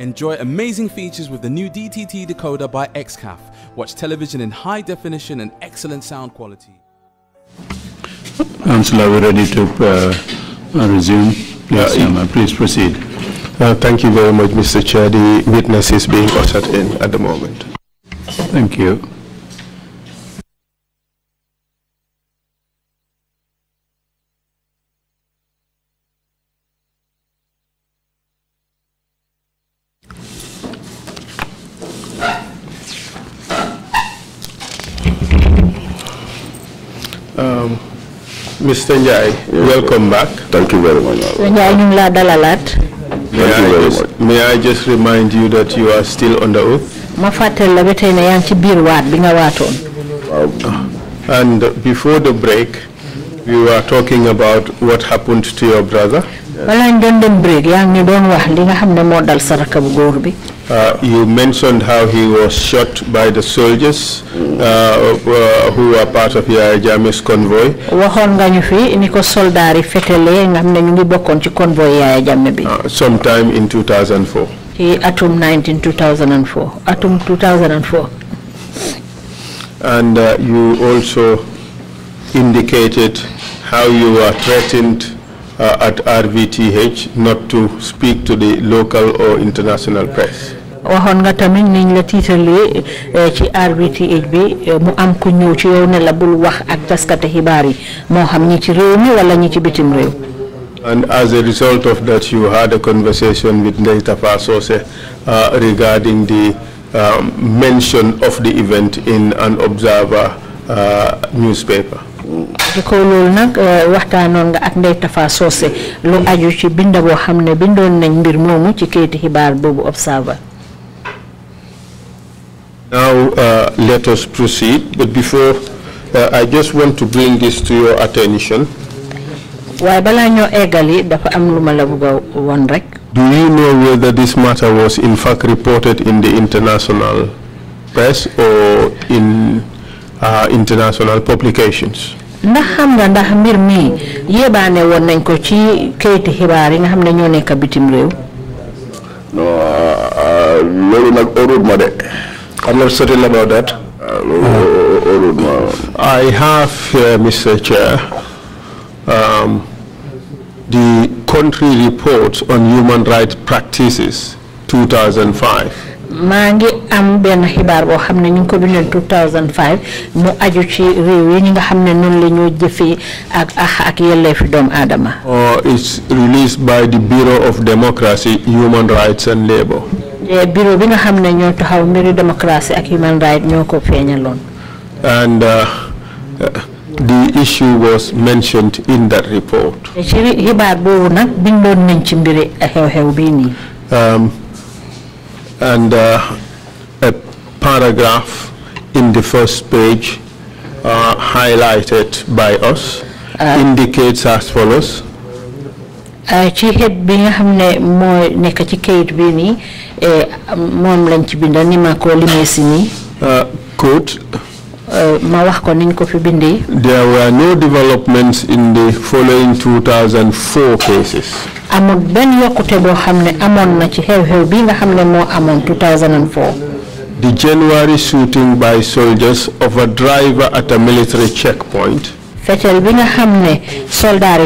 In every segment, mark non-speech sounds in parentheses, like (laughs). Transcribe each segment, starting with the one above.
Enjoy amazing features with the new DTT decoder by XCAF. Watch television in high definition and excellent sound quality. Councillor, we're ready to uh, uh resume. Please, yeah, please proceed. Uh, thank you very much, Mr. Chair. The witness is being ushered in at the moment. Thank you. Mr. Njai, welcome back. Thank you very much. Thank you very much. May I just remind you that you are still under oath? Ma la And before the break, you are talking about what happened to your brother? you mentioned how he was shot by the soldiers uh, uh, who were part of your Jamis convoy. sometime in 2004. He atom 19 2004 atom 2004 and uh, you also indicated how you were threatened uh, at RVTH not to speak to the local or international press. waxoon nga tamit niñ la tiitalee eh, ci RVTH bi eh, mu am ku ñëw ci yow ne la bul wax ak taskati xibaar yi xam ñi ci réew mi wala ñi ci bitim réew. And as a result of that, you had a conversation with Ndeye Fasose uh, regarding the um, mention of the event in an Observer uh, newspaper. Eh, nga ak lu aju ci binda nañ mbir ci Observer. Now uh, let us proceed, but before uh, I just want to bring this to your attention. dafa am la bëgg rek. Do you know whether this matter was in fact reported in the international press or in uh, international publications? ndax nga ndax mbir mi nañ ko ci xibaar yi nga ñoo nekk bitim euh, euh, ma de. I'm not certain about that. I have, uh, Mr. Chair, um, the country report on human rights practices 2005 am ñu ko 2005 mu aju ci réew yi nga la ñoo ak ak it's released by the Bureau of Democracy, Human Rights and Labour. bureau bi nga xam ñoo taxaw mbiri ak human rights ñoo ko and uh, the issue was mentioned in that report. ci xibaar boobu nag bindoon nañ ci mbiri xew-xew and uh, a paragraph in the first page uh, highlighted by us uh. indicates as follows. Uh, ci xeet bi nga xam ne moo nekk ci kayit bi nii eh, moom lañ ci binda ni ma ko limee si nii. Uh, quote. ma wax ko niñ ko fi bindee. there were no developments in the following 2004 cases amul na ci xew-xew bi nga 2004. The January shooting by soldiers of a driver at a military checkpoint. fetel bi nga xam ne yi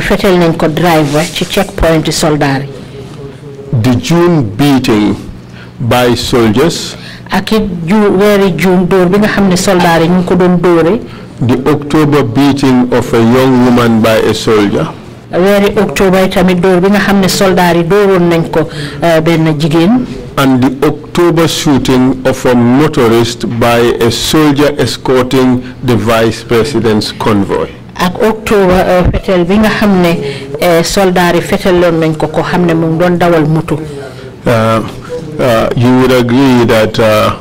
fetel nañ ko driver ci checkpoint The June beating by soldiers. ak ju June dóor bi nga xam ne yi ñu ko doon dóore. The October beating of a young woman by a soldier weeri tamit dóor bi nga xam ne yi dóoroon nañ ko eh, benn jigéen. and the October shooting of a motorist by a soldier escorting the vice president's convoy. ak eh, fetel bi nga xam ne eh, yi fetaloon nañ ko ko xam ne moom doon dawal moto. Uh, uh, you would agree that uh,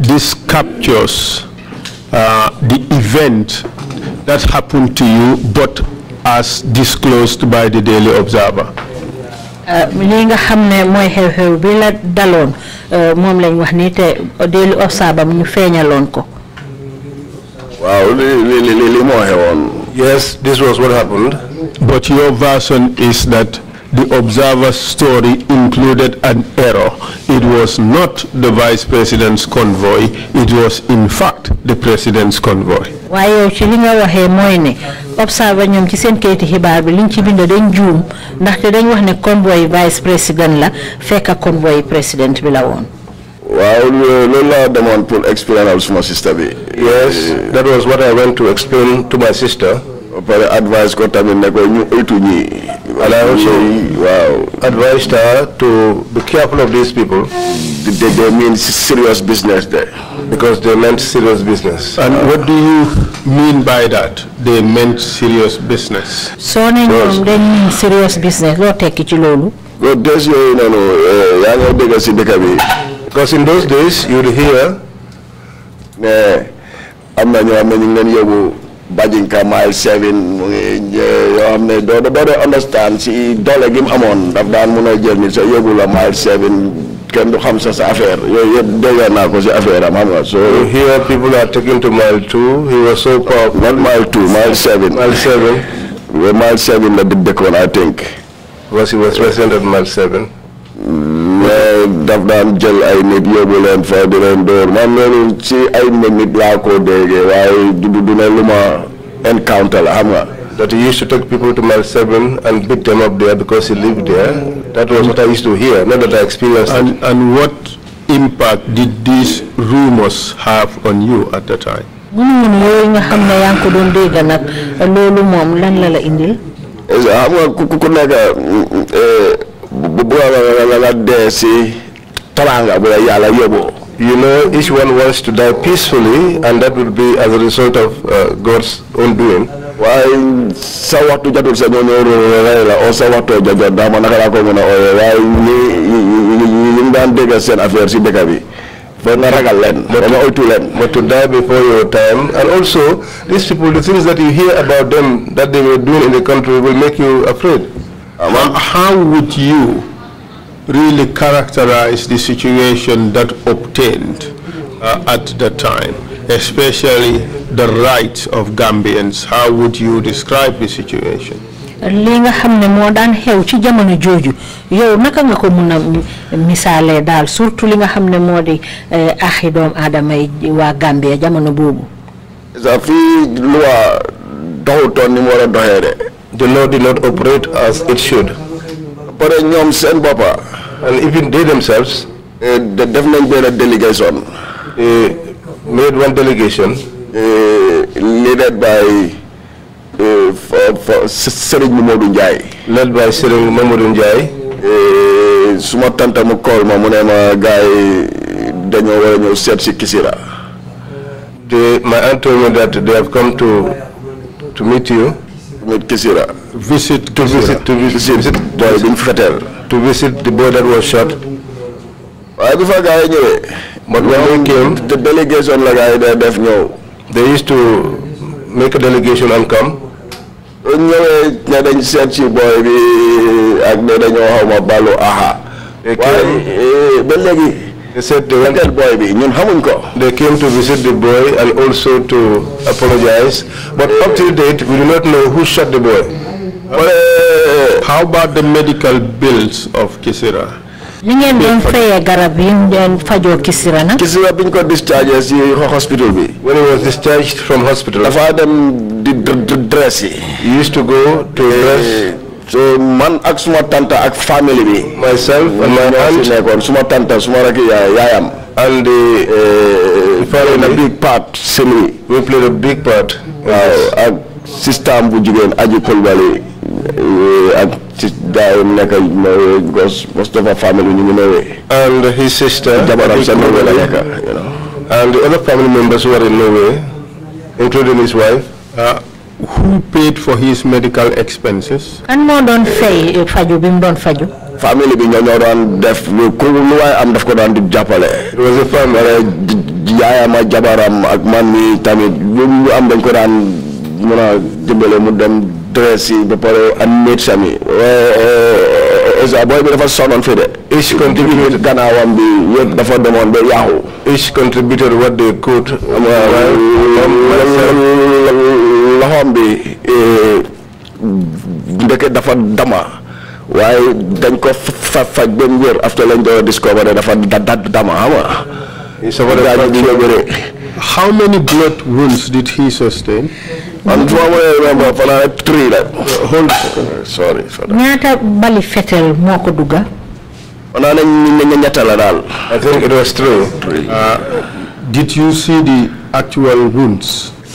this captures uh, the event that happened to you, but as disclosed by the Daily Observer. Uh, li nga xam ne mooy xew-xew bi la daloon uh, moom lañ wax nii te Daily Observer mu ñu feeñaloon ko. Wow, li li li li moo xewoon. yes this was what happened. but your version is that. the observer's story included an error. It was not the vice president's convoy. It was, in fact, the president's convoy waaye ci li nga waxee mooy ne observer ñoom ci seen kayiti xibaar bi liñ ci bind dañ juum ndaxte dañ wax ne convoy vice président la fekk convoy président bi la woon. waaw loolu laa demoon pour expliquer suma sister bi. yes that was what I went to explain to my sister pare advise ko advised her to be careful of these people they, they mean serious business there because they meant serious business and uh, what do you mean by that they meant serious business so ne mean serious business What take ci loolu ko des yooyu noonu yaa nga dégg si dëkk bi because in those days eh, you would hear ne am na ñoo xam ne Bajinka mile seven eh, yoo xam ne do. Do dee understand si doole gi mu amoon daf daan mun a jël ni sa yóbbu la mile seven kenn du xam sa sa affaire yooyu yëpp dégg naa ko si affaire am so here people are taking to mile two he was so powerful not mile two mile seven mile seven mile seven la dëkkoon I think was he was president at mile seven mais daf daan jël ay nit yóbbu leen fa di leen dóor man loolu ci ay nit laa ko déggee waaye du du lu ma encounter la xam nga. that he used to take people to Mile 7 and beat them up there because he lived there. That was what I used to hear, not that I experienced and, it. And what impact did these rumors have on you at the time? You know, each one wants to die peacefully, and that will be as a result of uh, God's own doing. Why sawatu jadu senyonyo rela o sawatu jaja dama nakala ko ngona o why ni limban dega sen affaire si dega bi but but to die before your time. And also, these people, the things that you hear about them, that they were doing in the country, will make you afraid. How, uh, how would you really characterize the situation that obtained uh, at the time, especially the rights of Gambians? How would you describe the situation? li nga xam ne moo daan xew ci jamono jooju yow naka nga ko mun a misaalee daal surtout li nga xam ne moo di eh, axi Gambia jamono boobu. sa fii lu waa doxutoon ni mu war a the law did not operate as it should. But ñoom seen and even they themselves the government made a delegation. Eh, made one delegation eh, led by eh, Serigne Mamadou Ndiaye. led by Serigne Mamadou Ndiaye. suma tante mu call ma mu ne ma gars yi dañoo war a ñëw seet si my aunt told me that they have come to to meet you. With Kisira. Visit to visit to visit. visit to visit. To visit the border that was shot. I before guy anyway. But when they came, the delegation like I they def know. They used to make a delegation and come. ñëwee ne dañ seet ci booy bi ak ne dañoo xaw ma balu aha. waaye eh, ba léegi They said they went. boy bi ñun xamuñ ko. They came to visit the boy and also to apologize, but up to date we do not know who shot the boy. But, uh, how about the medical bills of Kisira? li ngeen doon fayee garab yi ñu doon Kisira nag. Kisira bi ñu ko discharge si hospital bi. when he was discharged from hospital. dafa dem di dress he used to go to eh, dress so man ak suma tanta ak family bi myself and my aunt nekkoon suma tanta suma rakk yaayam and the uh, played a big part Semri we played a big part waaw ak sistaam bu jigéen aji Kulbali eh, ak ci nekk Norway because most of our family ñu ngi Norway and his sister jabaram sa Norway la nekk you know and the other family members were in Norway including his wife ah who paid for his medical expenses kan mo don fay faju bim don faju family bi ñoo don def ku lu way am daf ko don di jappalé it was a family yaayama jabaram ak man mi tamit lu am dañ ko daan mëna dimbalé mu dem dress yi ba paré an médecin mi isa boy bi dafa sonon fi de each contributed gannaawam bi yëpp dafa demoon ba yaaxu each contributor what they could bi eh, ndeke dafa dama dañ ko faj wér after lañ discover dafa dama How many blood wounds did he sustain? i remember, three. Like, hold Sorry for that. bali fetel moko duga. la dal. I think it was true. Uh, did you see the actual wounds?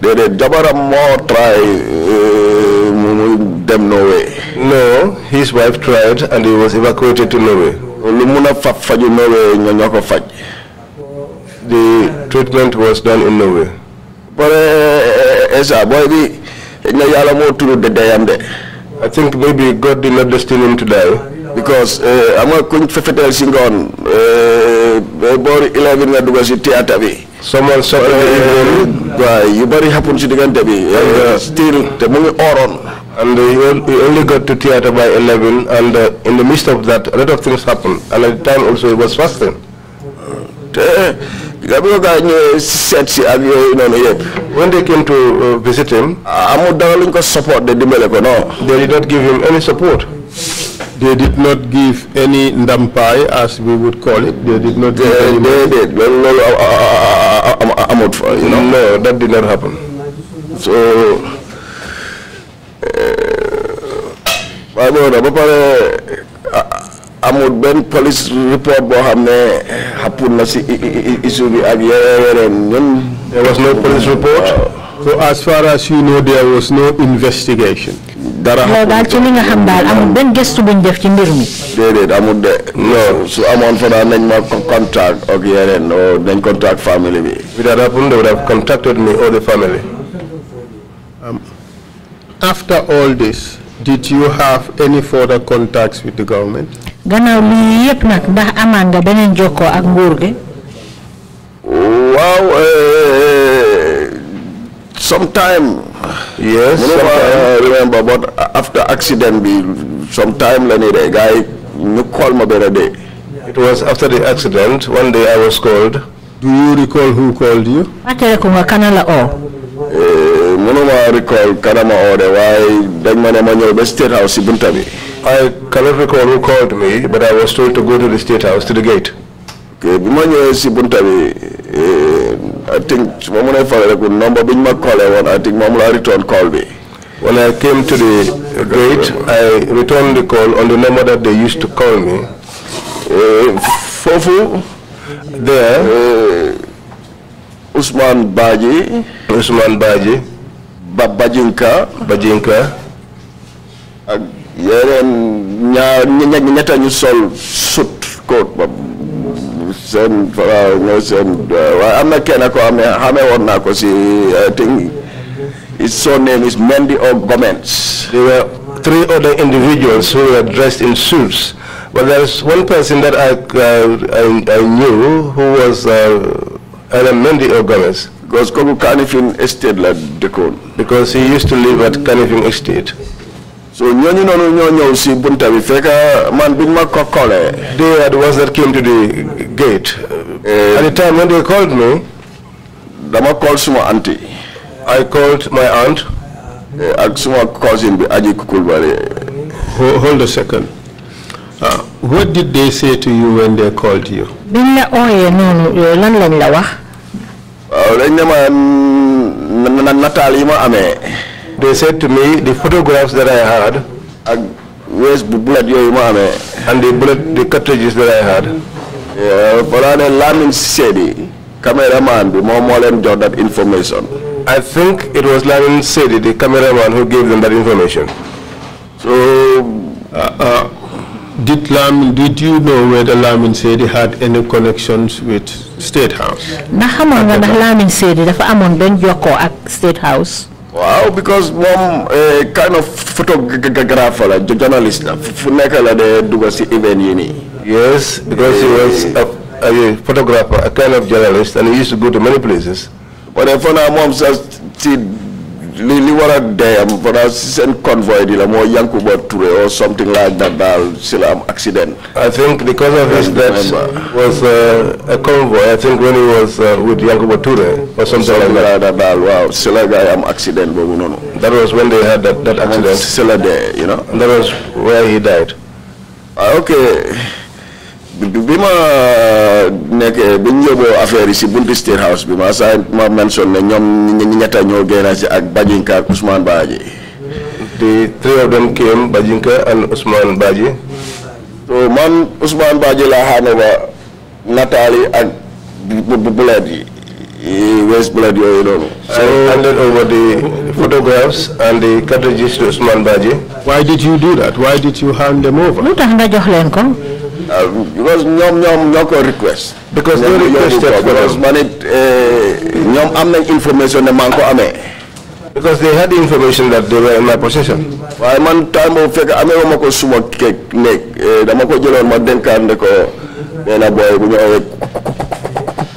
déedéet jabaram mo try euh, mu dem Norway. no his wife tried and he was evacuated to Norway. lu mun faj faju Norway ñoo faj. the treatment was done in Norway. bare eh, eh, eh, esa booy bi na yàlla moo tudd de deyam de. I think maybe God did not destine him to die. because am nga kuñ fefetel si ngoon boori 11 nga dugal si théâtre bi someone something uh, even you very happened to the Gandabi and uh, still the movie Oron and uh, he only got to theater by 11 and uh, in the midst of that a lot of things happened and at the time also he was fasting uh, uh, when they came to uh, visit him, they did not give him any support. They did not give any ndampai, as we would call it. They did not. They, give they did. Well, no, I, I, am out for you know. No, that did not happen. So, eh, I don't know. am amul benn police report boo happened. Eh, ne happen na si issue bi ak yeneen ñun. there was no police report. Uh, so as far as you know there was no investigation dara yow daal ci li nga xam daal amul benn gëstu buñ def ci mbir mi déedéet amul de non su amoon fa daal nañ ma contact ak yeneen o nañ contact family bi if it had happened they would have contacted me or the family um, after all this did you have any further contacts with the government gannaaw lii yëpp nag ndax amaan nga beneen jokkoo ak nguur gi waaw eh, sometime yes sometime remember but after accident be sometime la the guy you call ma benn day it was after the accident one day I was called do you recall who called you fàttalekuma eh, recall state house I cannot recall who called me but I was told to go to the state house to the gate bi I think moom la faral rek number bi my call I woon I think moom returned call me. When I came to the gate, I returned the call on the number that they used to call me. Eh, Fofu, There. Eh, Usman Baji, Usman Baji, Ba Bajinka. Bajinka. ak yeneen ñaar ñett ñu sol sut coat ba send for uh, no send. Uh, I'm not Kenya. I'm I uh, think his surname is Mendy Ogomens. There were three other individuals who were dressed in suits, but there's one person that I uh, I, I, knew who was uh, Mendy Ogomens. Because Kogu Kanifin Estate like dekon. Because he used to live at Kanifin Estate. So ñooñu nyonya nyonya, noo ñëw si bunta man biñ ma ko They are the ones that came to the gate. Uh, At the time when they called me, Dama called my auntie. I called my aunt. Uh, eh, my cousin, Aji Kukulbari. Hold a second. Uh, what did they say to you when they called you? Ah, mm, they said to me the photographs that I had, And the bullet, the cartridges that I had. Bolaade Lamine Sedi, cameraman bi moom moo that information. I think it was Lamine Sedi, the cameraman, who gave them that information. So, uh, uh, did Lam? did you know whether Lamine Sedi had any connections with State House? ndax xamoon nga ndax Lamine Sedi dafa amoon benn jokkoo State House. waaw because a eh, kind of photographer la journalist la fu nekk de dugal si event yi nii. Yes, because he was a, a, photographer, a kind of journalist, and he used to go to many places. But I found our mom says, li li war a deyam fanaa si seen convoy di la more Yankuba or something like that daal si am accident. I think because of his death was uh, a convoy I think when he was uh, with Yankuba or something like that that waaw still la gars yi am accident But don't know that was when they had that that accident. Still, a day, you know. that was where he died. Ah, okay. bi ma euh, nekkee bu ñu yóbboo affaire yi si buntu State bi ma saa ma mention ne ñoom ñetta ñoo génn si ak Bajinka ak Ousmane Badji. The three of them came, Bajinka and Ousmane Badji. So man Ousmane Badji laa xam ne ba nataali ak bu yi. Eh, West Blood you know. so I handed over the photographs and the cartridges to Osman Baji. why did you do that why did you hand them over. lu tax nga them leen ko. Uh, because ñoom ñoom ñoo request. because they requested for because ma eh, ne information ne maa ngi because they had the information that they were in my possession. waaye man time boobu fekk amee ma ko suma keek nekk eh, dama ko jëloon ma dénkaan ne ko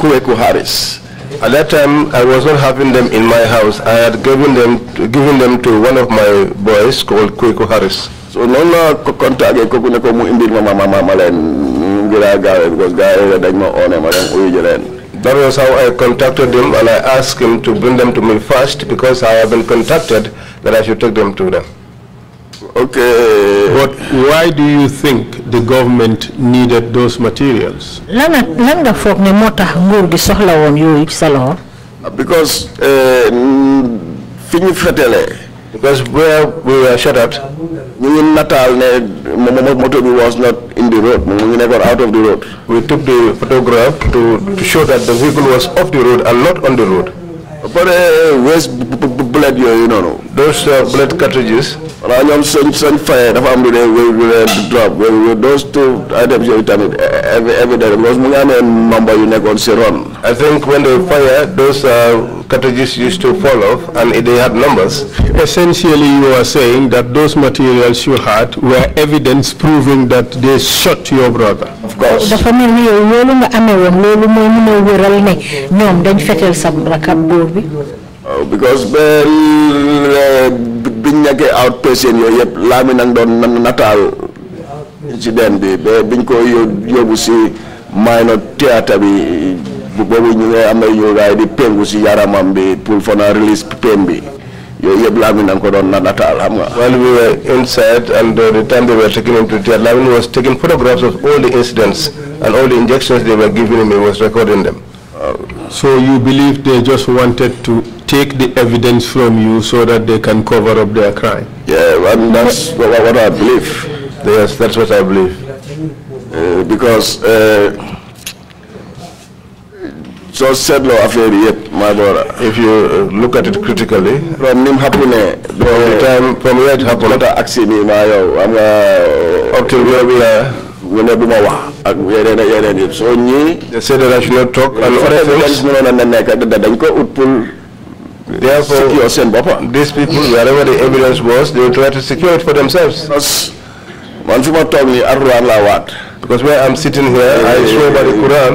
Kuweku Harris. At that time, I was not having them in my house. I had given them given them to one of my boys called Kweko Harris. So no la contact ko ne ko mu indil mama mama malen ngira gawe because gawe dañ ma oné ma uyu jelen. That was how I contacted him and I asked him to bring them to me first because I have been contacted that I should take them to them. Okay. But why do you think the government needed those materials? Because uh, because where we were shut at, Natal motor was not in the road. We never out of the road. We took the photograph to, to show that the vehicle was off the road, a lot on the road. But uh, blood yooyu noonu. those uh, blood cartridges. wala ñoom seen seen fayee dafa am lu dee lu dee drop those two items yooyu tamit evident because mu ngi amee membre yu nekkoon si ron. I think when they fire those uh, cartridges used to fall off and they had numbers. Essentially you are saying that those materials you had were evidence proving that they shot your brother. Of course. dafa mel ni yow loolu nga amee woon loolu mooy mën a wéral ne ñoom dañ fetel sa rakab góor bi because ba eh, biñ nekkee outpatient yooyu yëpp laa mi nag doon nataal incident bi ba biñ ko yóbbu si minor theatre bi boobu ñu ngi amee ñu gaay di pengu si yaramam bi pour for release pain bi yooyu yëpp laa mi ko doon nataal xam nga. While we were inside and uh, the time they were taken into theatre Lamin was taking photographs of all the incidents and all the injections they were giving him he was recording them. Uh, so you believe they just wanted to take the evidence from you so that they can cover up their crime? Yeah, I that's what, what I believe. Yes, that's what I believe. Uh, because just said no affair yet, my brother. If you uh, look at it critically, from him happening, from the time from where it happened, that accident, I'm uh, up where we are whenever ma wax ak yeneen they said that I should not talk. and all evidence mënoon a nekk dañ ko ut pour Therefore, these people, wherever the evidence was, they try to secure it for themselves. Because when I'm sitting here, I eh, swear by the eh, Quran,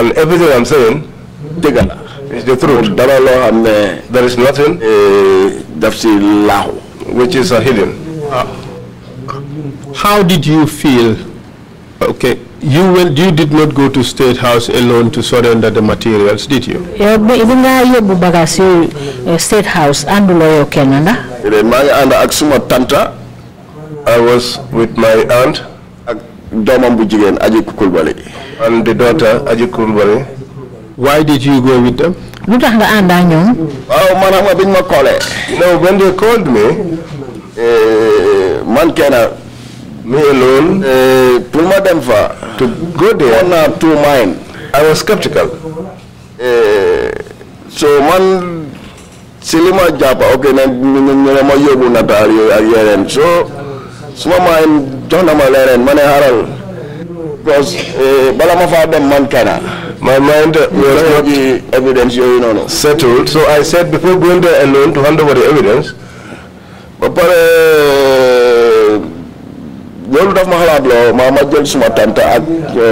and everything I'm saying is the truth. There is eh, nothing which is hidden. How did you feel? Okay, you went, you did not go to State House alone to surrender the materials, did you? Eh, eh, State House and lawyer Canada. And Aksuma Tanta, I was with my aunt, Domam Bujigen, and the daughter, Aji Why did you go with them? Oh, Manama Makole. You know, when they called me, uh, man cannot me alone eh, to Demfa to go there one to mine I was skeptical eh, so man Silima Japa okay na ma yobu na tari yeren so suma mine jona ma leren mane haral because eh, bala ma fa dem man kana my mind was not the evidence you know, settled. So I said before going there alone to hand over the evidence, but uh, loolu daf ma xalaat loo ma ma jël suma tante ak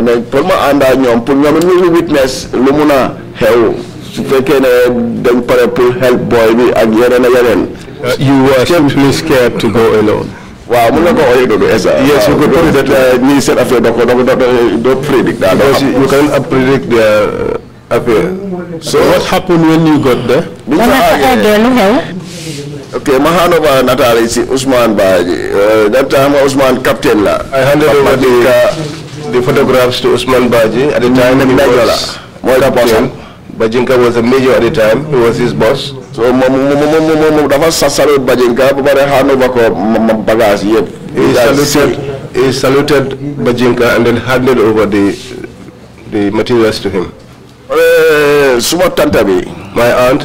ne euh, pour ma ànd ak ñoom pour ñoom ñu witness lu mun a xew su fekkee ne dañ pare pour help boy bi ak yeneen a yeneen. Uh, you were simply scared to go alone. waaw mun na ko ooyee dodo est-ce que. yes you could predict that ñii seen affaire doo ko doo doo predict daal. because you can uh, predict uh, affaire. so what happened when you got there. Okay, my handover Natali is Usman Baji. Uh, eh, that time Usman captain la. I handed over the, the photographs to Usman Baji. At the mm, time he was captain. Bajinka was a major at the time. He was his boss. So dafa salute Bajinka ba bare handover ko bagage yeb. He saluted he saluted Bajinka and then handed over the the materials to him. Uh, my aunt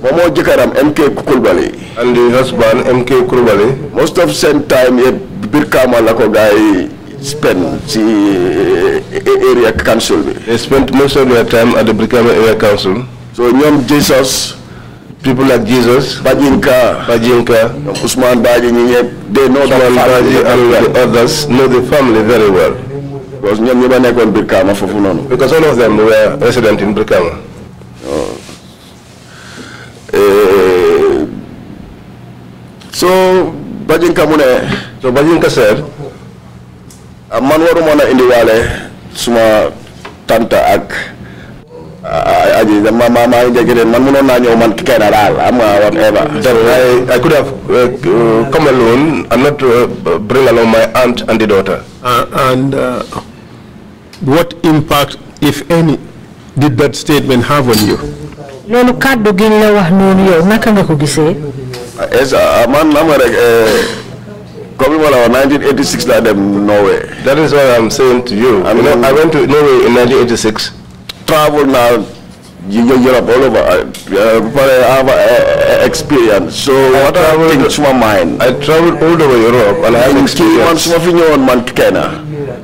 Momo Jikaram MK Kulbali. And the husband MK Kulbali. Most of same time ye Birkama lako guy spend si eh, eh, area council bi. They spent most of their time at the Birkama area council. So ñom Jesus people like Jesus, Bajinka, Bajinka, Usman Bajinka, they know Usman that and well. the others know the family very well. Because all of them were resident in Brikama. Oh. Eh, so Bajinka mu ne so Bajinka said ah, man waruma na suma tanta ak ah, aji ma maa ngi man mënoon naa ñëw man kenn daal am nga whatever. I could have eh, come alone and not eh, bring along my aunt and uh, uh, what impact, if any, did that statement have on you? loolu kàddu gi ñu la wax noonu yow naka nga ko gisee. Ah, man xam nga rek eh, comme li ma la 1986 laa dem Norway. that is what I'm saying to you. I mean, I went to Norway in 1986. travel now. you go Europe all over. Eh, but I have eh, experience. So I what are things to my mind? I traveled all over Europe and I have and experience.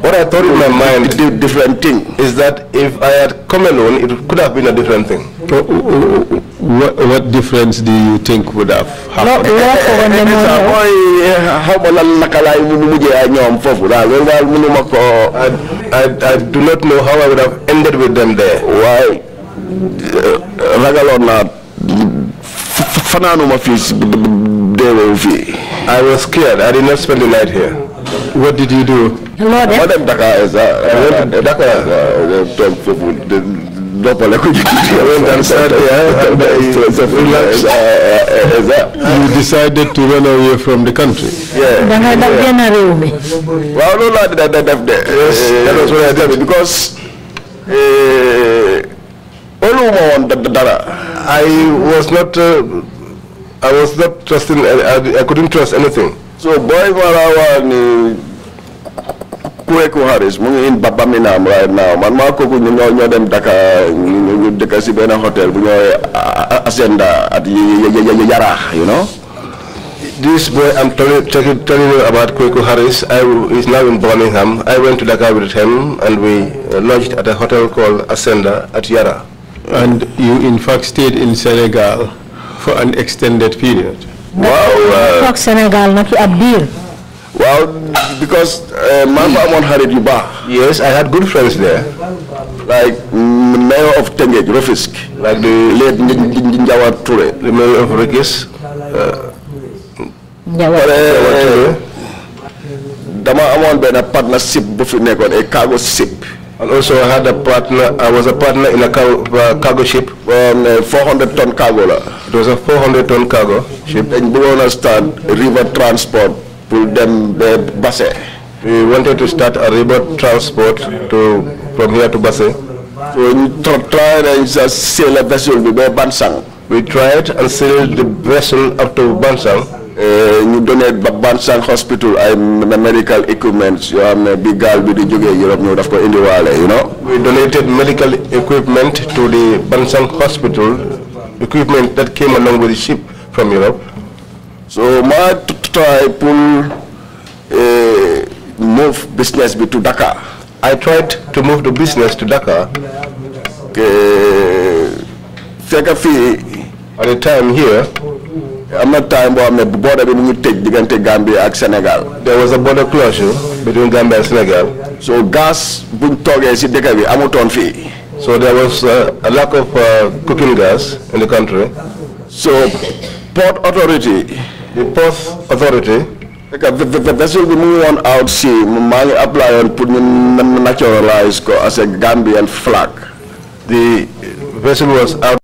What I thought in my mind did different thing. is that if I had come alone, it could have been a different thing. What, what, difference do you think would have happened? I, I do not know how I would have ended with them there. Why? Eh, I was scared. I did not spend the night here. What did you do? Hello, Dakar. Uh, Dakar. Uh, dopo le You decided to run away from the country. Yeah. yeah. Well, no, that, that, that, that, yes. uh, that was what I did because uh, I was not, uh, I was not trusting, I, I, I couldn't trust anything. So, boy, kureku Harris mu ngi in Birmingham right now man maa kooku ñu ñoo ñoo dem Dakar ñu dëkk si benn hôtel bu ñooy Asenda at Yara. you know. This boy I'm telling, telling, telling you about Kweku Harris I, is now in Birmingham. I went to Dakar with him and we uh, lodged at a hotel called Asenda at Yara. And you in fact stayed in Senegal for an extended period. Wow. Uh, Senegal, not at Beer. Well, because uh, Manfamon had a Duba. Yes, I had good friends there. Like mm, the mayor of Tenge, Refisk. Like the late Njawa Ture, the mayor of Rekis. Uh, Dama Amon been a partnership with a cargo ship. And also I had a partner, I was a partner in a cargo, uh, cargo ship. Um, uh, 400 ton cargo. It was a 400 ton cargo ship. And we understand river transport pour them the Basse. Eh? We wanted to start a river transport to from here to Basse. So we tried and sail a vessel to Bansang. We tried and sailed the vessel up to Bansang. Eh, ñu donate ba Bansang hospital ay medical equipment yoo xam ne bi gaal bi di jógee Europe ñu daf ko indiwaale you know. we donated medical equipment to the Bansang hospital equipment that came along with the ship from Europe. so my try pull uh, eh, move business to Dakar. I tried to move the business to Dhaka. Eh, take a fee at the time here. I'm not time where I'm a border between take Gambia and Senegal. There was a border closure between Gambia and Senegal. So gas boom toge is the fee. So there was uh, a lack of uh, cooking gas in the country. So port authority the Port Authority. The Vessel we move ngi out sea maa apply and put ñu naturalized ko as a Gambian flag. The vessel was out.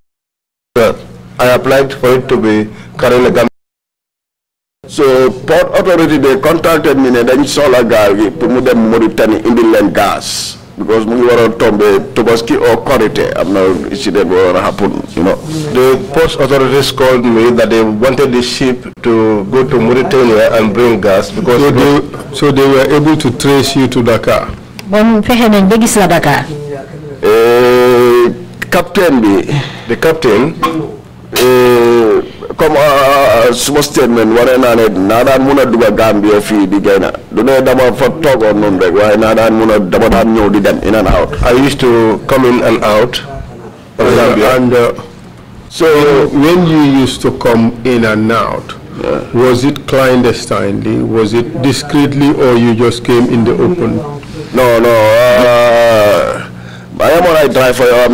I applied for it to be carrying Gambian. So Port Authority they contacted me and then saw gaal gi put mu dem Mauritanie indi leen because mu ngi waroon tombé Tobaski or Korite am na incident bu war a happen you know. The post authorities called me that they wanted the ship to go to Mauritania and bring gas because. So they, so they were able to trace you to Dakar. bon fexe nañ ba gis la Dakar. Eh, captain bi. the captain. Eh, comme uh, uh, suma statement waree naa ne naa daan mun a Gambia fii di génn du dama fa toogoon noonu rek waaye naa daan mun dama daan ñëw di dem in and out. I used to come in and out. of Gambia and uh, so when you used to come in and out. Was it clandestinely? Was it discreetly, or you just came in the open? No, no. I am on a drive for your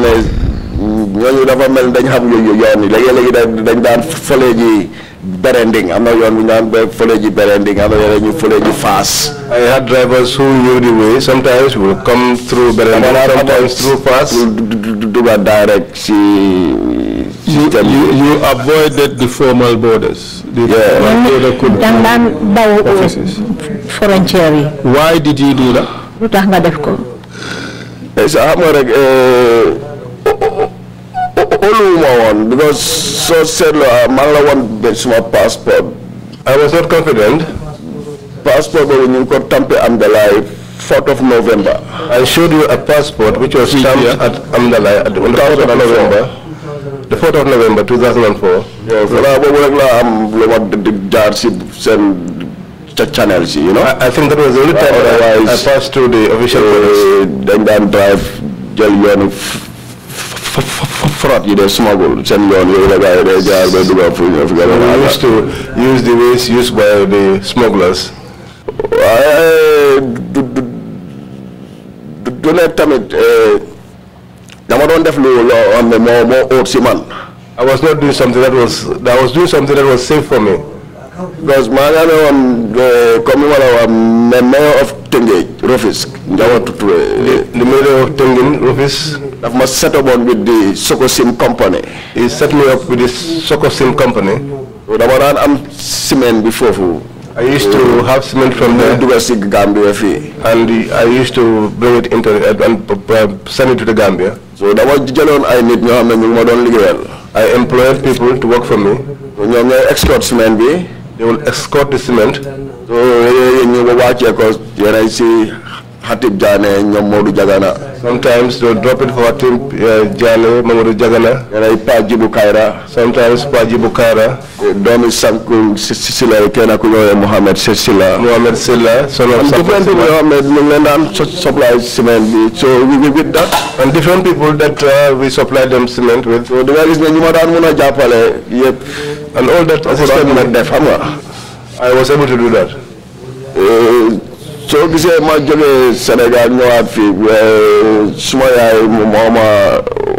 i dafa mel dañ xam yooyu yoon yi léegi-léegi dañ daan fële ji berending am na yoon bu ñu daan fële ji berending am na yeneen ñu fële ji faas. I had drivers who knew the way sometimes will come through berending sometimes through faas. dugal direct You, you, you, avoided the formal borders. yeah. Formal Why did you do that? It's one, because so said uh, Mangla one gets my passport. I was not confident. Passport when you got Tampe Amdalai, 4th of November. I showed you a passport which was stamped yeah. at Amdalai on the 4th of November. The 4th of November 2004. Yes. Channels, you know. I, I think that was the only time I, I passed through the official uh, police. Then drive, I smuggle used to use the ways used by the smugglers eh, I do not du ne man I was not doing something that was that was doing something that was safe for me because Magano uh, am the Komiwala am the mayor of Tenge, Rufis, Njawatutwe. The mayor of Tenge, Rufus. I must set up with the Sokosim company. He set me up with the Sokosim company. Ramadan am cement before who? I used to have cement from the Dugasig Gambia and I used to bring it into and uh, send it to the Gambia. So that was Jalon I need now and modern legal. I employed people to work for me. When you're export cement, be they will escort the cement. So, you will watch because when I see Hatib Jane, Nyamodu Jagana. Sometimes they'll drop it for Hatib uh, Jane, Mamodu Jagana. And I pa Jibu Sometimes pa Jibu Kaira. Domi Samkun Sisila, Kena Kuyo, Mohammed Sisila. Mohammed Silla, son of And different people, Mohammed, Mulendan supply cement. So we with that. And different people that uh, we supply them cement with. So the well is Nyamodan Muna Japale, yep. And all that assistance. I was able to do that. Eh, soo gisee ma jógee Sénégal ñëwaat fii suma yaay moo ma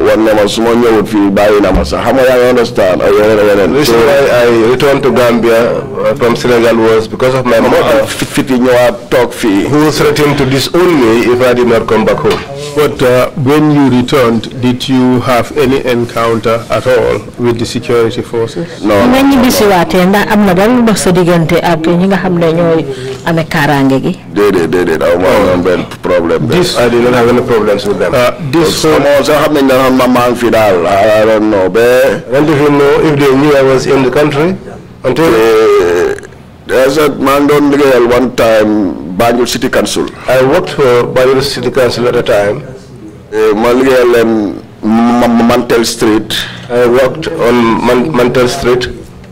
wan ne ma su ma ñëwut fii bàyyi na ma sax xam nga yaa ngi understand ak yeneen yeneen. reason why I returned to Gambia uh, from Senegal was because of my mother. fit yi ñëwaat toog fii. who threatened to disown me if I did not come back home. But uh, when you returned, did you have any encounter at all with the security forces? No. When nga ñibbisiwaatee i am not na dal lu dox sa diggante ak ñi nga xam ne ñooy amee kaaraange gi. déedéet déedéet aw ma woon benn problème. this I did not have any problems with them. Uh, this whole moom happened xam my man Fidal. I don't know ba. don't even know if they knew I was in the country. until. maa ngi doon girl one time. Banjul City Council. I worked for Banjul City Council at a time. Uh, and Mantel Street. I worked on Mantel Street.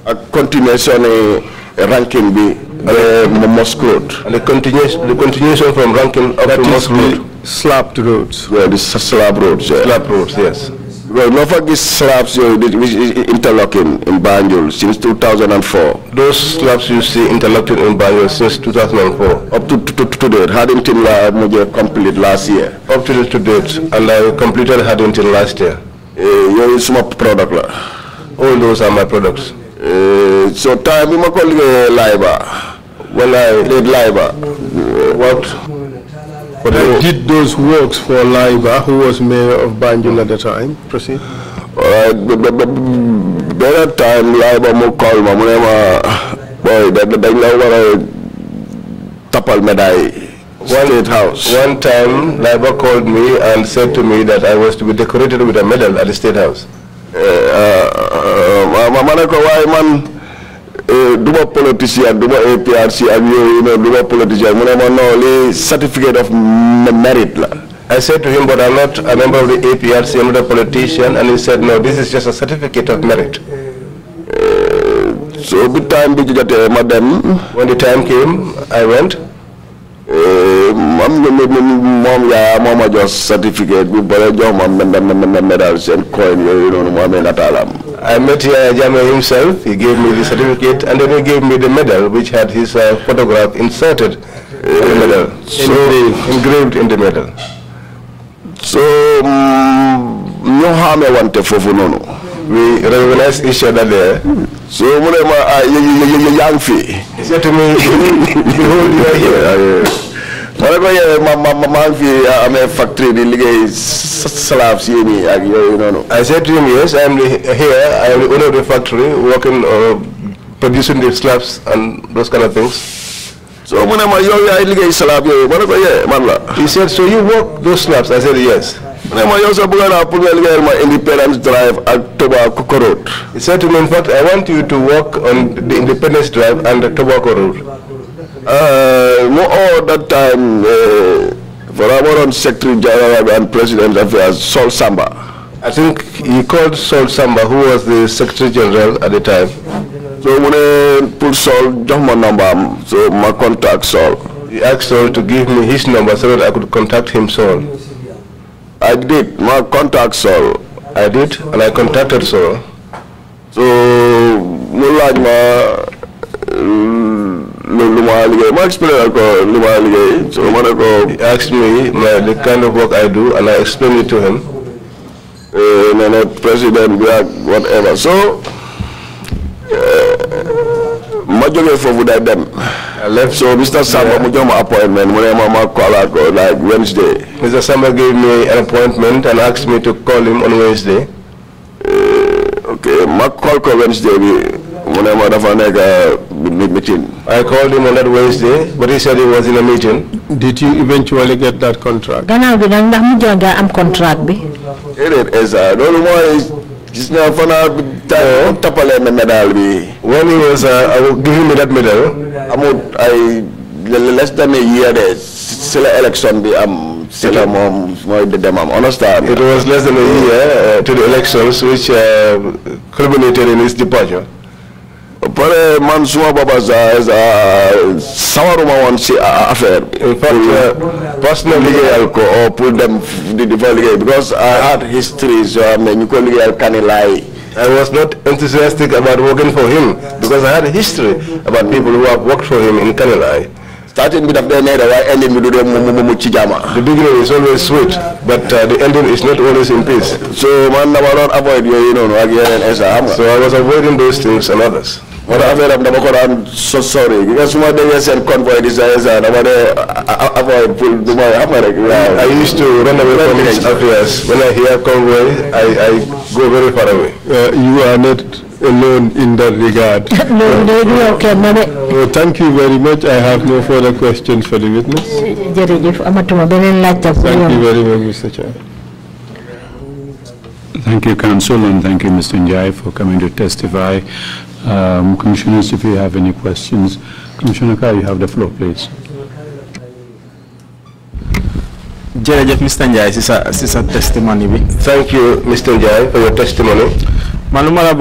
A continuation of uh, ranking B, the uh, Mosque Road. And the continuation, the continuation from Rankin up that to Mosque Road. Slab roads. Yeah, the slab roads. Yeah. Slab roads, yes. Well, Norfolk is which is interlocking in Banjul since 2004. Those slabs you see interlocking in Banjul since 2004? Up to, to, to, to date. Haddington uh, complete last year. Up to, to date. And I completed Haddington last year. Uh, eh, your small product. All those are my products. Uh, so time, you live. Well, I did What? But I did those works for Liva, who was mayor of Banjul at the time. Proceed. All right. By that time, Laiba mo call ma mo ma boy that the Banjul wara tapal medai. State House. One time, Liva called me and said to me that I was to be decorated with a medal at the State House. Uh, uh, uh, Eh, duma politician duma APRC ak yooyu noonu duma politician mu ne ma non lii certificate of merit la. I said to him, but I'm not a member of the APRC, I'm not a politician, and he said, no, this is just a certificate of merit. Eh, so the time bi jotee ma dem. When the time came, I went. Eh, am moom yaaya moom a jox certificate bi bare jox ma medal seen coin yooyu noonu mu amee nataalam. I met Yaya himself. He gave me the certificate and then he gave me the medal which had his uh, photograph inserted in the medal. So engraved. in the medal. So, mm, no harm I want to no. We recognize each other there. So, what am I? Young fee. He said to me, Behold, you are here. (laughs) ma ne my my my ma ma maa ngi factory di liggéey salaf si nii ak yooyu I said to him yes I am here I am the owner of the factory working uh, producing the slabs and those kind of things. so when mu ne ma yow yaay liggéey salaf yooyu ma ne ko yee man la. he said so you work those slabs I said yes. When I'm yow sax bëgg naa pour nga liggéeyal ma Independence Drive ak Tobacco Road. he said to me in fact I want you to work on the Independence Drive and the Tobacco Road. Uh, all oh, that time, uh, for our Secretary General and President Affairs, uh, Sol Samba. I think he called Sol Samba, who was the Secretary General at the time. So when I put Sol, just my number, so my contact Sol. He asked Sol to give me his number so that I could contact him, Sol. I did. My contact Sol. I did, and I contacted Sol. So, no like my liggéey ma explain ko li ma liggéey so ma ne ko he asked me my, the kind of work I do and I explained it to him uh, eh, na président bi ak whatever so ma jógee foofu day dem left. So Mr. Samba yeah. Mujama appointment when I'm on call out like Wednesday. Mr. Samba gave me an appointment and asked me to call him on Wednesday. Eh, okay, my call call Wednesday. Uh, I called him on that Wednesday, but he said he was in a meeting. Did you eventually get that contract? Ganaaw bi nag ndax mu jël nga am contract bi. Déedéet Esa loolu I am naa fa naa tappalee na médaille bi. When he was uh, give him that medal. I amul I less than a year de si la élection bi am. Sita mom my de demam understand it was less than a year uh, to the elections which uh, culminated in his departure pare man suma baba sa sa sawaruma woon si affaire bi. in eh, fact parce que liggéeyal ko oh, pour dem di fa liggéey because I had history so am ah, na ko liggéeyal Kanilaay. I was not enthusiastic about working for him because I had a history about people who have worked for him in Kanilaay. Starting with daf dee neex waaye ending with du dee The beginning is always sweet but uh, the ending is not always in peace. So man avoid So I was avoiding those things and others wala affaire am dama ko so sorry. gi nga su ma déggee convoy di saa saa dama de avoid pour du ma xam I used to run away from these affairs. When I hear convoy, I, I go very far away. Uh, you are not alone in that regard. (laughs) no, no, no, okay, mane. Well, uh, thank you very much. I have no further questions for the witness. Jerejef, amatuma benen laajta. Thank you very much, Mr. Chair. Thank you, Council, and thank you, Mr. Njai, for coming to testify. Um, commissioners, if you have any questions, Commissioner Carr, you have the floor, please. Mr. this is a testimony. Thank you, Mr. Njai, for your testimony. my be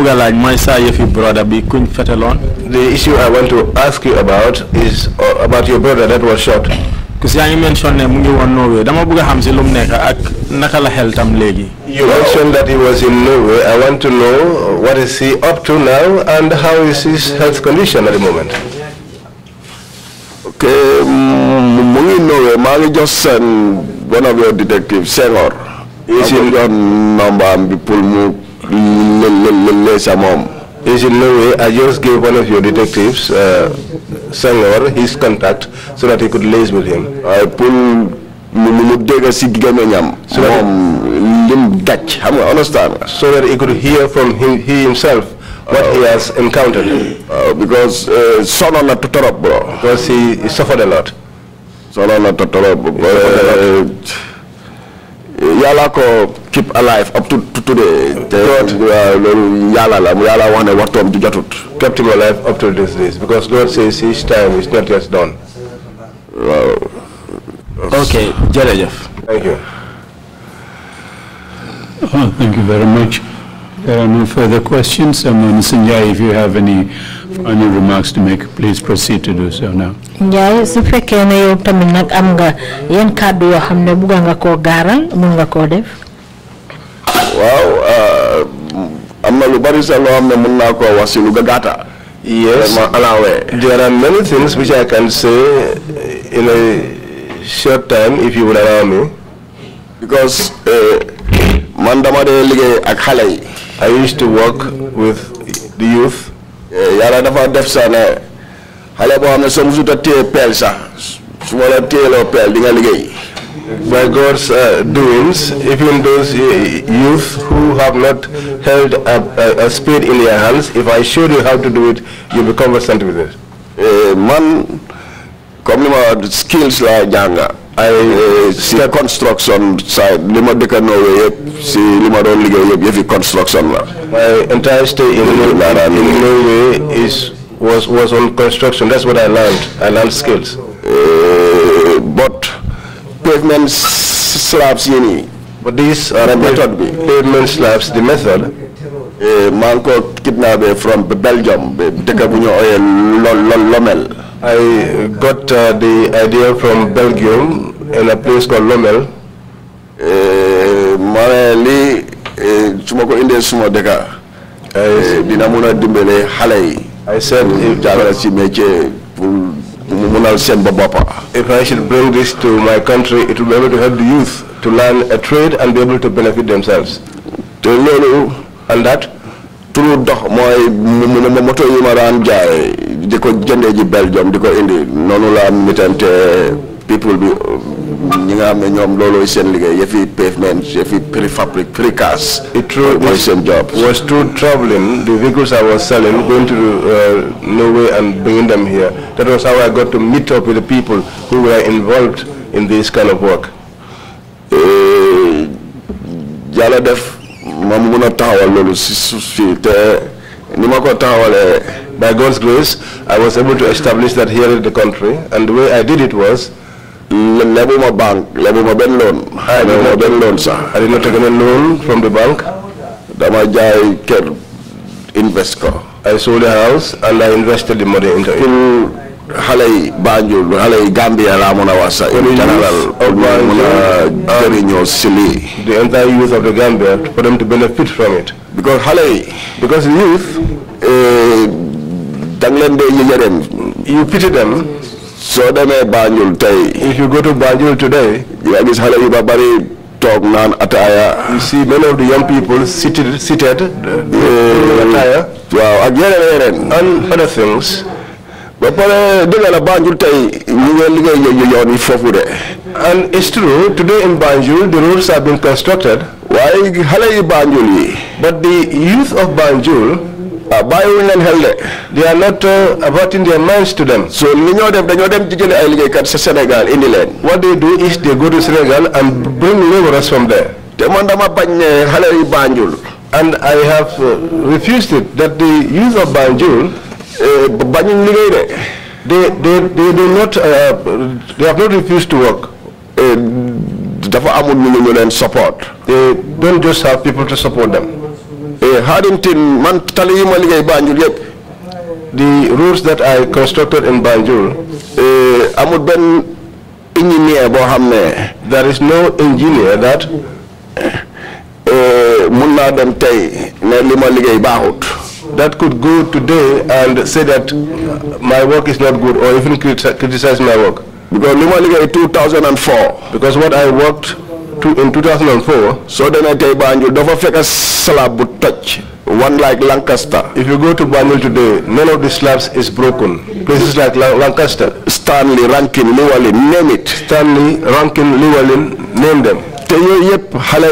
The issue I want to ask you about is uh, about your brother that was shot parce que yaa ngi mention ne mu Norway dama bëgg a xam si lu mu nekk ak naka la xel You mentioned that he was in Norway. I want to know what is he up to now and how is his health condition at the moment. Okay, mu ngi Norway maa ngi jox seen one of your detectives Senghor. yi si doon nombaam bi pour mu lë lë lë sa moom is in no way. I just gave one of your detectives, uh, his contact so that he could liaise with him. I pull so that understand. so that he could hear from him he himself. what he has encountered. Uh, because uh, sonoon na bro. because he suffered a lot yàllaa ko keep alive up to today. God, uh, loolu yàlla la yàlla wax ne to ji jotut. kept him alive up to this days because God says each time is not yet done. waaw. ok jërëjëf. thank you. Oh, thank you very much. There are no further questions. Um, Sanjay, if you have any final remarks to make, please proceed to do so now. yaay su fekkee ne yow tamit nag am nga yenn kàddu yoo xam ne bugga nga koo gaaral mun nga koo def waaw ah, am na lu bari sax loo xam ne mun naa koo wax si lu gàggaata yes there are many things which I can say in a short time if you would allow me because eh, man dama dee liggéey ak xale I used to work with the youth eh, yàlla dafa def sa ne xale boo xam ne sa musut a téye peel su di nga by God's uh, doings, even those uh, youth who have not held a, a, a, spade in their hands, if I show you how to do it, you'll be conversant with it. Uh, man, come skills like Janga. I eh, see a construction side. Lima deka way. see lima don liga yep, construction la. My entire stay in Norway is was was on construction. That's what I learned. I learned skills. Uh, but pavement slabs yini. But these are the method be pavement slabs. The method. Uh, Manko kidnapped from Belgium. Lomel. I got uh, the idea from Belgium in a place called Lomel. Uh, Marali, uh, sumako inde sumo deka. Dina dumele dimbele I said, if, if I should bring this to my country, it will be able to help the youth to learn a trade and be able to benefit themselves. And that? Through my moto yumaran jai, diko jende Belgium, people will be ñi nga xam ne ñoom seen liggéey pavement it mooy seen job. was too traveling the vehicles I was selling going to uh, Norway and bringing them here that was how I got to meet up with the people who were involved in this kind of work. Eh, yàlla def ma mun a taxawal loolu si suuf fii te ni ma ko taxawalee. by God's grace I was able to establish that here in the country and the way I did it was level lebuma bank level lebuma ben loan high level na ben loan sir. sax not na a loan from the bank That my guy can invest ko i sold the house and i invested the money into it xale yi Banjul xale yi Gambia laa mun in general pour mun a jëriñoo the entire youth of the Gambia for them to benefit from it because xale yi because youth eh, dang leen dee you pity them Banjul if you go to Banjul today. yaa gis yu bari you see many of the young people seated seated. ataaya. waaw ak and other things. ba pare dëgg la Banjul tey ñu ngi liggéey ñu yoon yi de. and it's true today in Banjul the roads have been constructed. Why? xale Banjul yi. but the youth of Banjul. Uh, by leen and de. they are not uh, averting their minds to them. so them ñoo dem dañoo dem di jëlee ay liggéeykat sa what they do is they go to Sénégal and bring laborers from there. Banjul. and I have uh, refused it that the use of Banjul. bañuñ liggéey de. they they they do not they have not refused to work. dafa support. they don't just have people to support them. Eh, Haddington, man Banjul, yep. The roads that I constructed in Banjul, uh, eh, I would ben engineer There is no engineer that eh, Munna dem tay that could go today and say that my work is not good or even criticize my work. Because Lima Liga 2004, because what I worked in 2004 so then tell you, do Banjul dafa a slab but touch one like Lancaster if you go to Banjul today none of the slabs is broken places like Lancaster Stanley Rankin Llewellyn name it Stanley Rankin Llewellyn name them te xale yi liggéey xale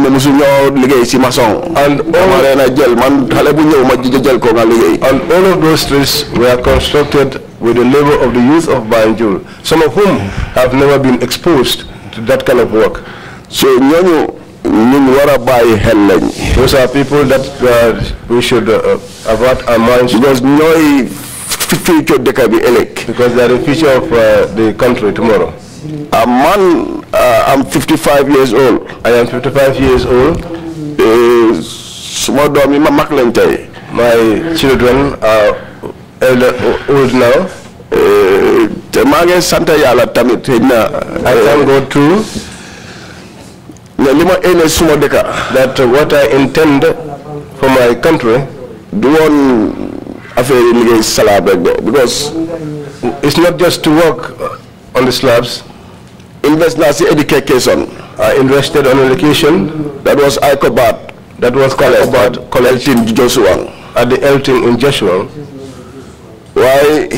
ñoo liggéey maçon. and dama jël man xale bu ñëw ma jël ko nga liggéey. and all of those streets were constructed with the labor of the youth of Banjul some of whom have never been exposed to that kind of work. so ñooñu ñun war bàyyi xel lañ. those are people that uh, we should uh, avert our minds. because no future dëkk bi ëllëg. because they are the future of uh, the country tomorrow. A man, uh, I'm 55 years old. I am 55 years old. Eh, Small daughter, my children are elder, old now. Uh, eh, Santa Yala Tamit, I can go through that what I intend for my country do one because it's not just to work on the slabs Invest Nasi Education. I invested on education. That was ICOBAT. That was college. ICOBAT. College in Joshua. At the Elton in Joshua. Why?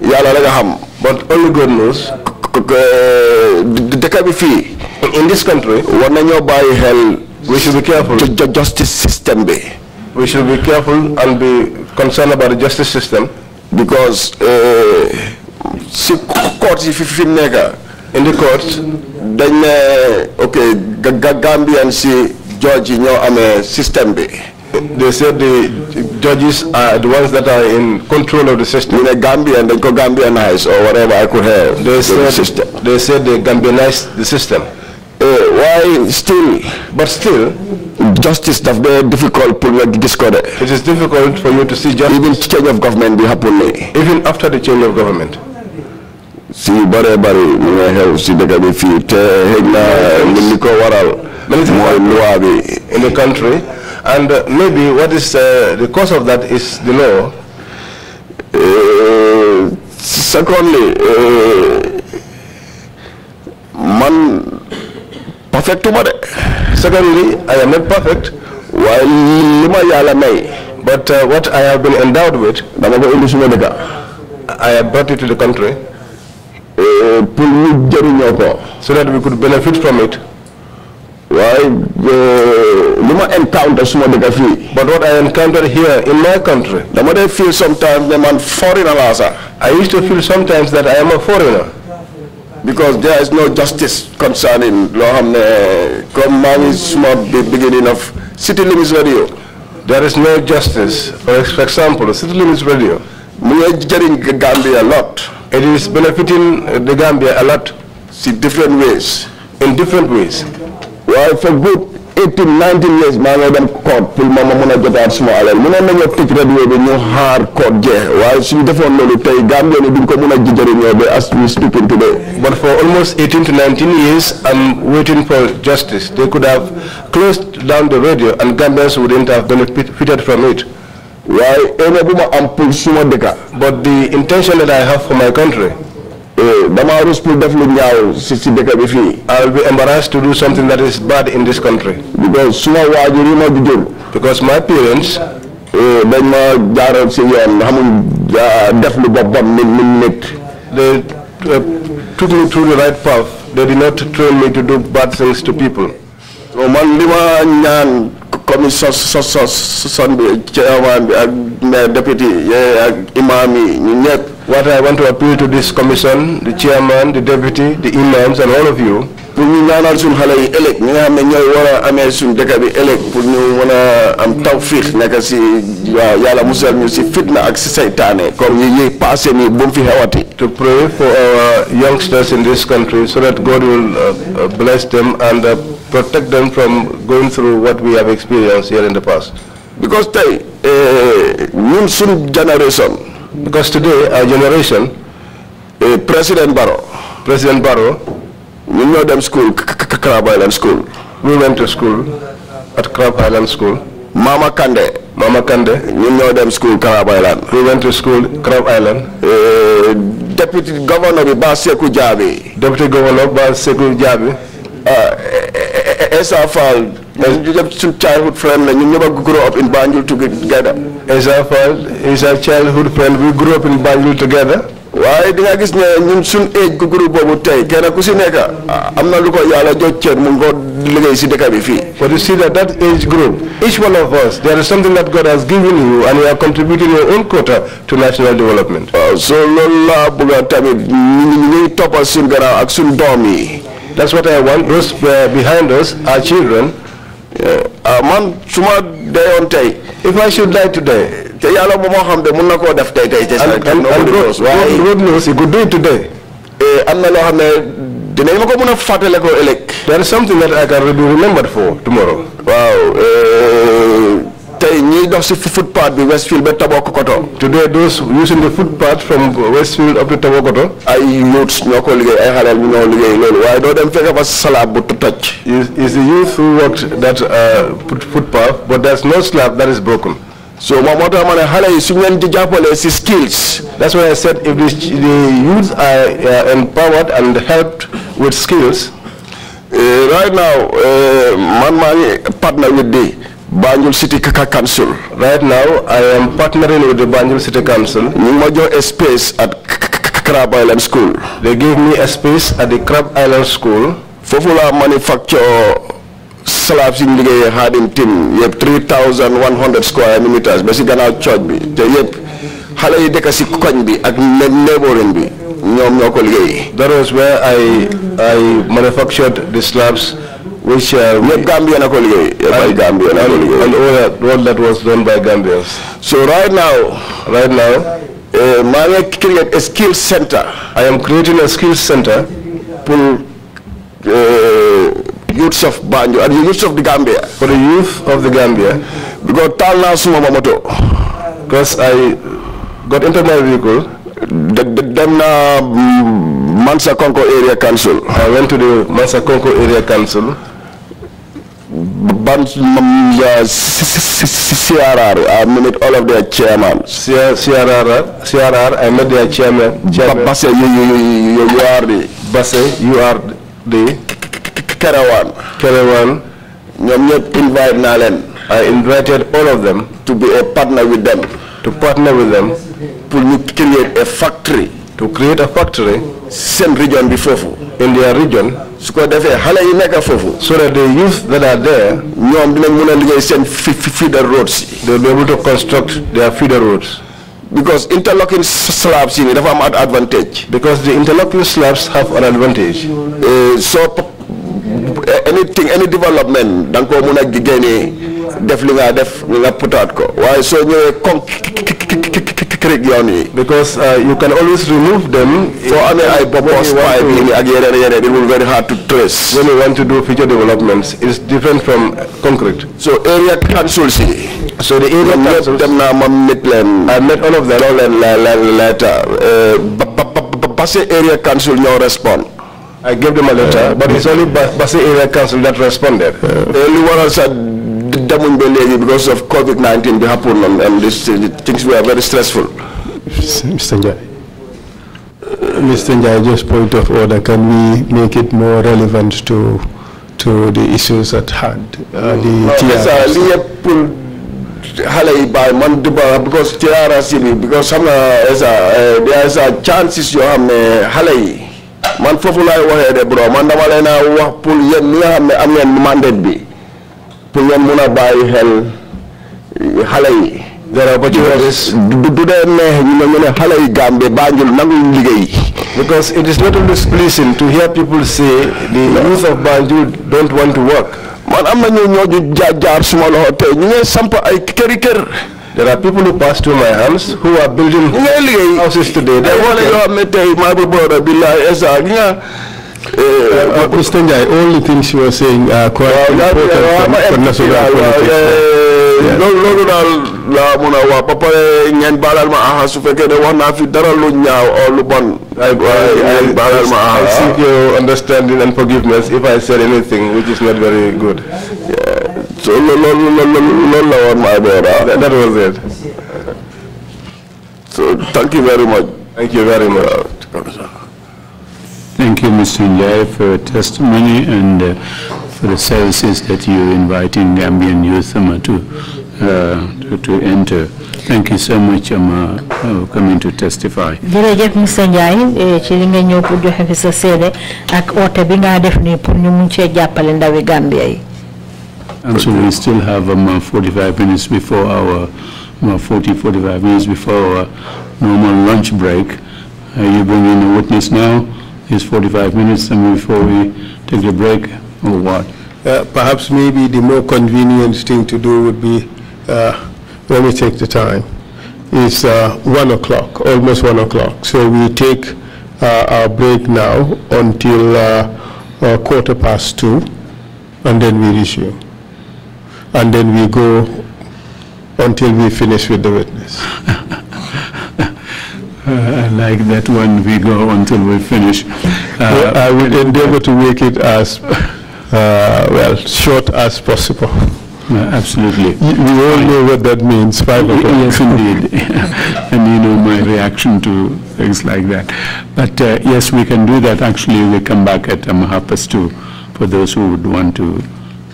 Yala But only good news. The fee. In this country, when you buy hell, we should be careful. The justice system be. We should be careful and be concerned about the justice system. Because, uh, court if you in the court dañ ne ok Gambian si judge i ñoo a system bi. they said the judges are the ones that are in control of the system. in Gambia Gambian, they go Gambianize or whatever I could have. They said system. They said they Gambianized the system. Uh, why still? But still, justice is very difficult to discover. It is difficult for you to see justice. Even change of government be happening. Even after the change of government si ngay xew si dëkk bi fii te na li ko waral mooy loi bi in the country and uh, maybe what is uh, the cause of that is the law eh, secondly eh, man perfectuma de secondly I am not perfect waaye li ma yàlla may but uh, what I have been endowed with dama ko indi suma I have brought it to the country Eh, pour ñu jëriñoo ko. so that we could benefit from it. Why? The eh, ma encounter suma dëkk fii. but what I encountered here in my country. dama I feel sometimes I'm man foreigner laa sax. I used to feel sometimes that I am a foreigner. because there is no justice concerning loo xam ne comme maa ngi suma beginning of City Limits Radio. there is no justice for example City Limits Radio mu ngi jëriñ Gambia a lot. It is benefiting uh, the Gambia a lot. in different ways. In different ways. waaye for good 18 19 years my mother and court pour ma ma mën a jotaat suma alal mënoon nañoo way radio bi ñu xaar court jeex waaye suñu defoon loolu tey Gambia ni duñ ko mën a as we speaking today. But for almost 18 to 19 years I'm waiting for justice. They could have closed down the radio and Gambians wouldn't have benefited from it. Why? But the intention that I have for my country eh, I will be embarrassed to do something that is bad in this country because because my parents eh, they uh, took me through the right path they did not train me to do bad things to people commis sos chairman bi deputy ak imam what i want to appeal to this commission the chairman the deputy the imams and all of you pour ñu ñaanal suñu xale yi ëllëg ñi nga xam ne ñooy war a amee suñu dëkk bi ëllëg pour ñu mën a am tawfiix nekk si waaw yàlla musal ñu si fitna ak si saytaane comme ñu ñuy passé nii bu mu fi xewati to pray for our youngsters in this country so that God will uh, uh bless them and uh, protect them from going through what we have experienced here in the past because tey eh, ñun suñu génération because today our generation eh, President Barrow President Barrow you know them school, Crab Island School. We went to school at Crab Island School. Mama Kande. Mama Kande. You know them school, Crab Island. We went to school, Crab Island. Uh, Deputy Governor Baseku Jabi. Deputy Governor Baseku Jabi. Uh, eh, eh, Esa Fal, mm. some childhood friend, and you never grew up in Banjul together. Esa is our childhood friend. We grew up in Banjul together waaye di nga gis ne ñun suñ éej gu groupe boobu tey kenn ku si nekk am na lu ko yàlla jox cër mu ngi ko liggéey si dëkk bi fii. but you see that that age group each one of us there is something that God has given you and you are contributing your own quota to national development. waaw so loolu laa bëgg a tamit ñu ngi toppal suñ gannaaw ak suñ doom yi. that's what I want those uh, behind us are children. Euh, ah, man su ma deyoon tey. if I should die today. te yàlla moom moo xam ne mun na koo def tey tey. and God knows he could do it today. Eh, am na loo xam ne dinañ ma ko mën a fàttale ko ëllëg. there is something that I can be remembered for tomorrow. Eh, tey ñiy dox si footpath bi Westfield ba Tabokoto. today those using the footpath from Westfield up to Tabokoto. ay youths ñoo ko liggéey ay xaleel ñu ñoo liggéey loolu waaye doo dem fekk fa but bu touch? is the youth who worked that uh, footpath but there's no slab that is broken. so my moo tax ma ne xale yi su ñu leen ci skills. that's why I said if the youth are uh, empowered and helped with skills. Eh, right now eh, man ngi partner with the. Banjul City Council. Right now, I am partnering with the Banjul City Council. Numajo a space at Crab Island School. They gave me a space at the Crab Island School. Fofula manufacture slabs in the hardened team. You have 3,100 square meters. Basically, now charge me. have Halay dekasi kwan bi neighboring bi. That was where I, I manufactured the slabs which uh, Gambia and, by Gambia and, and all that all that was done by Gambians. So right now, right now, uh, eh, am creating a skill center. I am creating a skill center for uh, eh, youths of Banjo and the youths of the Gambia. For the youth of the Gambia, because Tala Sumamoto, because I got into my vehicle the, the mm, Mansa Conco Area Council. I went to the Mansa Conco Area Council Bans CRR, I mean it, all of their chairman. CRR, CRR, I met their chairman. chairman. Basse, you, you, you, you are the. Basse, you are the. Caravan. Caravan. ñom ñep invite na len i invited all of them to be a partner with them to partner with them pour ñu create a factory to create a factory sen region bi fofu in their region yi so that the youth that are there ñoom dinañ mën liggéey seen feeder roads they'll be able to construct their feeder roads because interlocking slabs yi nii dafa am advantage because the interlocking slabs have an advantage eh, so anything any development da nga koo mën def li nga def nga ko waaye ñëwee because uh, you can always remove them So amee ay bopos I yi it will very hard to trace when you want to do future developments it's different from uh, concrete so area councils so the area councils dem naa ma I met all of them all in la leen later uh, Basse area council no respond I gave them a letter but it's only Basse area council that responded uh, lu waral said ba léegi because of COVID 19 bi happened and, and this, things were very stressful. Mr. Njai. Mr. Njai, just point of order, can we make it more relevant to to the issues at hand? Uh, the uh, xale yi man du ba because TRRC bi because xam nga est uh, there is a chances yoo xam ne xale yi man foofu laay waxee de bro man dama leen a wax pour yéen ñi nga xam ne am ngeen mandate bi pour bàyyi xel xale yi. dara ba ci du neex ñu ñu ne xale yi Banjul because it is not always pleasing to hear people say the youth of Banjul don't want to work. man am na ñu jaar jaar suma loxo ñu ngi samp ay kër. There are people who pass through my hands who are building houses today. They want to go and meet my brother, uh, Mr. Njai, all the things you were saying are quite well, important that, for, for national politics. loolu loolu daal laa mun a wax ba pare ngeen baalal ma aha su fekkee ne wax naa fi dara lu ñaaw lu bon. I, baalal ma aha. seek your understanding and forgiveness if I said anything which is not very good. Yeah. So loolu loolu la woon ma Ibora. That, that was it. So thank you very much. Thank you very much. Thank you, Mr. Njai, for your testimony and uh, for the services that you're inviting Gambian youth um, to, uh, to, to, enter. Thank you so much um, uh, coming to testify. jërëjëf Mr Ndiaye ci li nga ñëw pour joxe fi sa seede ak oote bi nga def nii pour ñu mun cee jàppale Gambia And so we still have um, uh, 45 minutes before our well, uh, 40, 45 minutes before our normal lunch break. Uh, you bring in a witness now is 45 minutes and before we take a break or what? Uh, perhaps maybe the more convenient thing to do would be, uh, let me take the time, It's uh, 1 o'clock, almost 1 o'clock. So we take uh, our break now until uh, uh, quarter past 2 and then we resume. And then we go until we finish with the witness. (laughs) Uh, I like that one. We go until we finish. Uh, I will endeavor to make it as uh, well short as possible. No, uh, absolutely. we all know what that means, five o'clock. Yes, indeed. (laughs) (laughs) and you know my reaction to things like that. But uh, yes, we can do that. Actually, we come back at um, half past two for those who would want to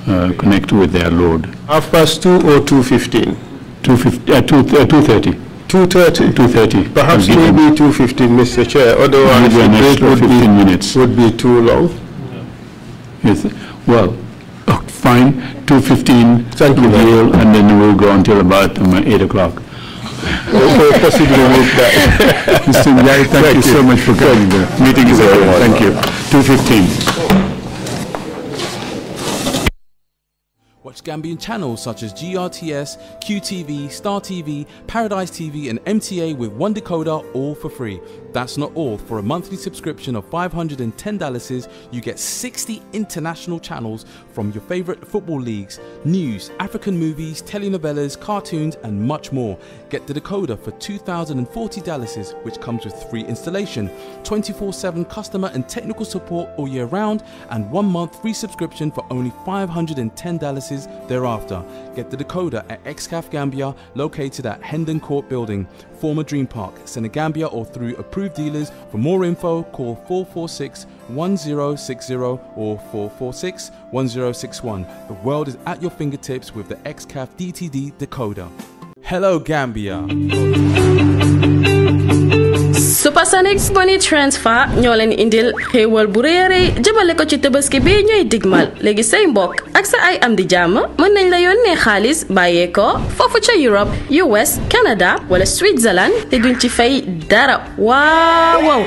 uh, connect with their Lord. Half past two or 2.15? 2.30. Uh, uh, 2.30. 2.30. Perhaps maybe 2.15, Mr. Chair. Otherwise, the would, 15 be, minutes. would be too long. Yes. Well, oh, fine. 2.15. Thank you. and then we'll go until about um, 8 o'clock. okay, possibly that. (laughs) Mr. thank, thank, you, so much for coming. The meeting is over. Thank you. 2.15. Gambian channels such as GRTS, QTV, Star TV, Paradise TV, and MTA with one decoder all for free. That's not all. For a monthly subscription of $510, you get 60 international channels from your favorite football leagues, news, African movies, telenovelas, cartoons, and much more. Get the decoder for $2,040, which comes with free installation, 24 7 customer and technical support all year round, and one month free subscription for only $510 thereafter. Get the decoder at XCAF Gambia, located at Hendon Court Building former Dream Park, Senegambia, or through approved dealers. For more info, call 446 1060 or 446 1061. The world is at your fingertips with the XCAF DTD decoder. Hello, Gambia. Supersonic Money Transfer ñoo leen indil xéewal bu rëy a rëy jëmale ko ci tabaski bi ñooy digmal léegi say mbokk ak sa ay am di jàmm mën nañ la yónnee xaalis bàyyee ko foofu ca Europe US Canada wala Switzerland te duñ ci fay dara waaw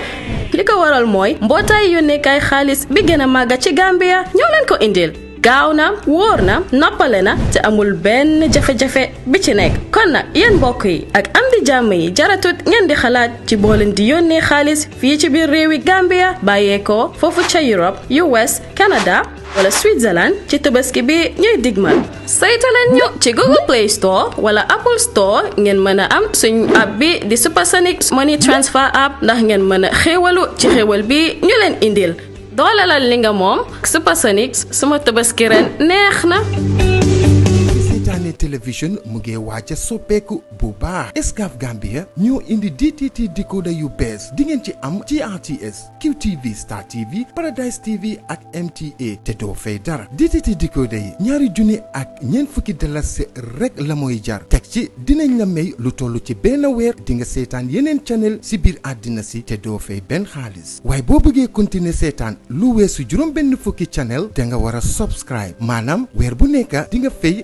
li ko waral mooy mbootaay yónneekaay xaalis bi gën a màgga ci Gambia ñoo leen ko indil. gaaw na wóor na noppale na te amul benn jafe-jafe bi ci nekk kon nag yéen mbokk yi ak am di jàmm yi jaratut ngeen di xalaat ci boo di yónnee xaalis fii ci biir réewi Gambia bàyyeekoo foofu ca Europe US Canada wala Switzerland ci tabaski bi ñuy digmal saytaleen ñu ci Google Play Store wala Apple Store ngeen mën a am suñu app bi di Supersonic Money Transfer app ndax ngeen mën a xéewalu ci xéewal bi ñu leen indil doolalal li nga moom Supersonics suma tabaski ren neex na Sané Television mu ngi waaj a soppeeku bu baax Gambia indi DTT decoder yu bees di ngeen ci am QTV Star TV Paradise TV ak MTA te doo fay dara DTT decoder yi ñaari junni ak ñeent fukki se rek la mooy jar teg ci dinañ la may lu setan ci di nga channel sibir adina àddina si te doo fay benn xaalis setan boo bëggee continuer seetaan lu fukki channel da nga subscribe malam weer bu nekk di nga fay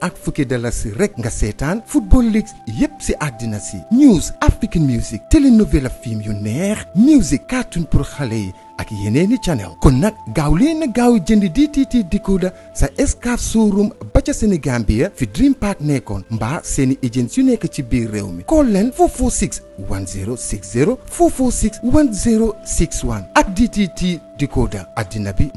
ak fukki dalasi rek nga seetaan football league yépp si àddina si news african music telenovela film yu neex music cartoon pour xale yi ak yeneeni channel kon nag gaaw leen a gaaw jënd DTT decoder sa Scar showroom ba ca Sénégambia fi Dream Park nekkoon mbaa seeni agents yu nekk ci biir réew mi call leen 446 1060 446 1061 ak DTT decoder àddina bi